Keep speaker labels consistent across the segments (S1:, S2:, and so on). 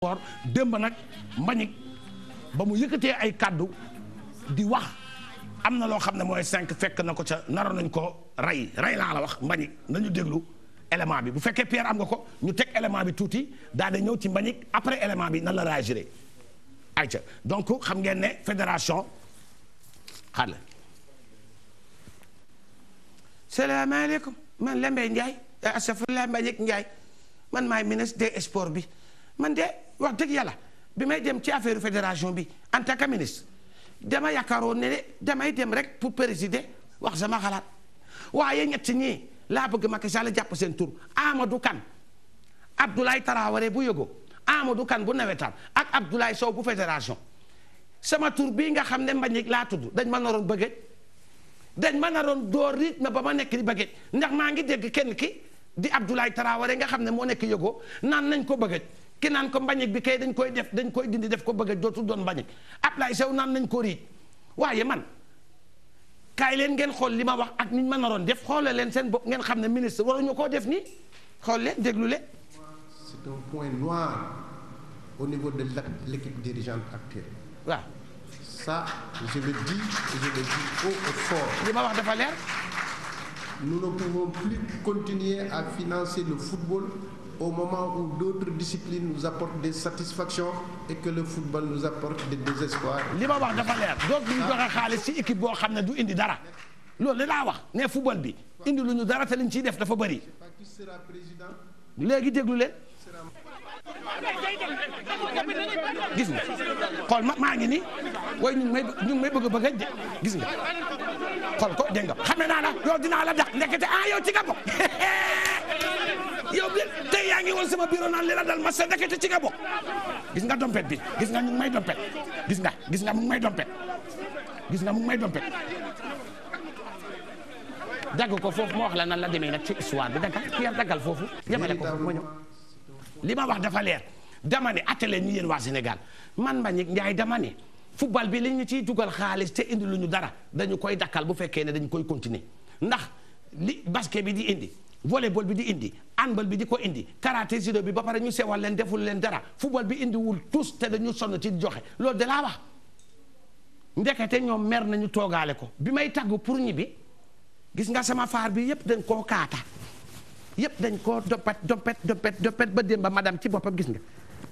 S1: koor démb nag Mbagnick ba mu yëkkatee ay kàddu di wax am na loo xam ne mooy cinq fekk na ko ca naroon nañ ko rey rey laa la wax Mbagnick nañu déglu élément bi bu fekkee Pierre am nga ko ñu teg élément bi tuuti daal di ñëw ci Mbagnick après élément bi nan la ay ca donc xam ngeen ne fédération xaar la salaamaaleykum man Lambe Ndiaye eh, la Mbagnick Ndiaye man maay ministre des sports bi man de wax dëgg yàlla bi may dem ci affaire fédération bi en tant que dama yaakaaroon ne damay dem rek pour présider wax sama xalaat waaye ñett ñii laa bëgg Macky Sall jàpp seen tur Amadou kan Abdoulaye Traoré bu yëgoo Amadou kan bu nawetam ak Abdoulaye Sow bu fédération sama tur bii nga xam ne Mbagnick laa tudd dañ ma naroon bëggee dañ ma naroon door rythme ba ma nekk di bëggee ndax maa ngi dégg kenn ki di Abdoulaye Traoré nga xam ne moo nekk yëgoo naan nañ ko bëggee. ki naan ko mbañik bi kay dañ koy def dañ koy dindi def ko bëgg a dootul doon mbañik Ablaye sew naan nañ ko riij waaye man kaay leen ngeen xool li ma wax ak niñ ma naroon def xoolal leen seen bopp ngeen xam ne ministre waruñu koo def nii xool leen déglu leen. c'est un point noir au niveau de l'équipe dirigeante actuelle. waaw. ça je le dis et je le dis haut et li ma wax dafa leer. nous ne pouvons plus continuer à financer le football. au moment où d'autres disciplines nous apportent des satisfactions et que le football nous apporte des désespoirs. li ma wax dafa leer donc duñ joxe xaalis ci équipe boo xam ne du indi dara loolu li laa wax ne football bi indi lu ñu dara te liñ ciy def dafa bëri. léegi déglu leen. gis nga xool ma maa ngi ni way ñu ngi may ñu may bëgg a bëgg gis nga xool ko dégg nga xame naa la yow dinaa la dàq ndekete ah yow ci nga yaa ngi woon sama bureau naan li la dal ma sa ndekete ci nga bokk gis nga dompet bi gis nga ñu ngi may dompet gis nga gis nga mu may dompet nga mu may dompet dagg ko foofu ma wax la nan la demee nag ci histoire bi daggal foofu yemale ko foofu ma ñëw li ma wax dafa leer dama ne attelé ñu yéen waa Sénégal man ma ñi Njaay dama ne football bi li ñu ciy dugal xaalis te indi lu ñu dara dañu koy dakkal bu fekkee ne dañu koy continuer ndax li basket bi di indi volleyball bi di indi handball bi di ko indi karaté judo bi ba pare ñu sewal leen deful leen dara football bi indiwul tous te dañu sonn ci joxe loolu de laa wax ndekete ñoom mer nañu toogaale ko bi may tàggu pour ñibbi gis nga sama faar bi yëpp dañ koo kaata yëpp dañ koo doppet doppet doppet doppet ba dem ba madame ci boppam gis nga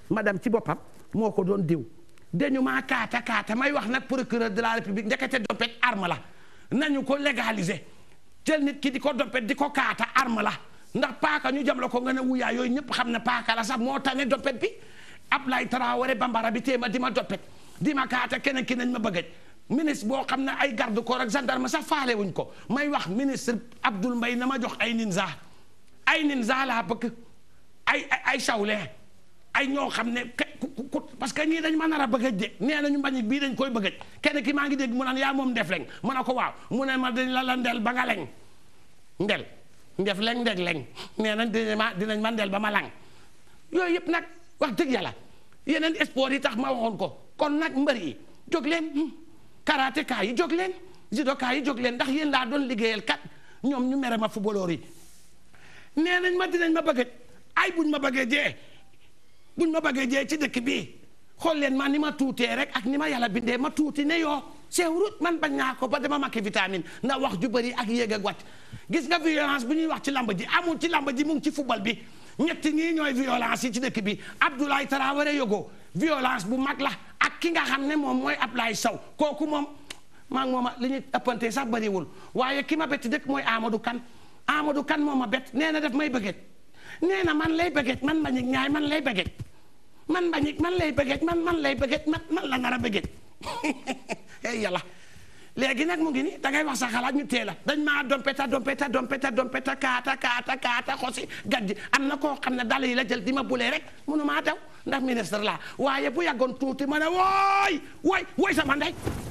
S1: madame ci boppam moo ko doon diw dañu maa kaata kaata may wax nag procureur de la bi ndekete doppet armala la nañu ko légaliser tel nit ki di ko doppet di ko kaata arme ndax paaka ñu jam ko nga ne wuyaa yooyu ñëpp xam ne paaka la sax moo tane doppet bi Ablaye Traoré Bambara bi téema di ma doppet di ma kaata keneen ki ma bëggaj ministre boo xam ne ay garde corps ak gendarme sax faale wuñ ko may wax ministre Abdoul Mbaye na ma jox ay ninza ay ninza laa bëgg ay ay ay sawle ay ñoo xam ne ku parce que ñii dañ ma nar a bëgg a de nee nañu bii dañ koy bëgg a kenn ki maa ngi dégg mu naan yaa moom def leng mu ne ko waaw mu ne ma dañ la la ndel ba nga leng ndel ndef leng ndeg leng nee nañ dinañ ma dinañ ndel ba ma lang yooyu yëpp nag wax dëgg yàlla yeneen sport yi tax ma waxoon ko kon nag mbër yi jog leen karatéka yi jog leen judoka yi jog leen ndax yéen laa doon liggéeyal kat ñoom ñu mere ma footballeur yi nee nañ ma dinañ ma bëgg ay buñ ma bëggee jee bu buñ ma bëggee jee ci dëkk bi xool leen ma ni ma tuutee rek ak ni ma yàlla bindee ma tuuti ne yoo seewrut man bañ naa ko ba dama makke vitamine ndax wax ju bëri ak yéeg ak gis nga violence bu ñuy wax ci lamba ji amul ci lamba ji mu ngi ci football bi ñetti ñii ñooy violence yi ci dëkk bi Abdoulaye Traoré Yogo violence bu mag la ak ki nga xam ne moom mooy Ablaye Sow kooku moom maa ngi a li ñuy ëppante sax bëriwul waaye ki ma bett dëkk mooy Amadou Kan Amadou Kan moom ma bett nee na daf may bëgget nee na man lay bëgget man ma ñig man lay bëgget man mbañik man lay bëggee man man lay bëggee man man la nar a bëggee hey yàlla léegi nag mu ngi ni da ngay wax sa xalaat ñu teel a dañ maa dompeta dompeta dompeta dompeta kaata kaata kaata xosi gaddi am na koo xam ne dal yi la jël di ma bulee rek mënu maa daw ndax ministre laa waaye bu yàggoon tuuti ma ne wooy wooy wooy sama ndey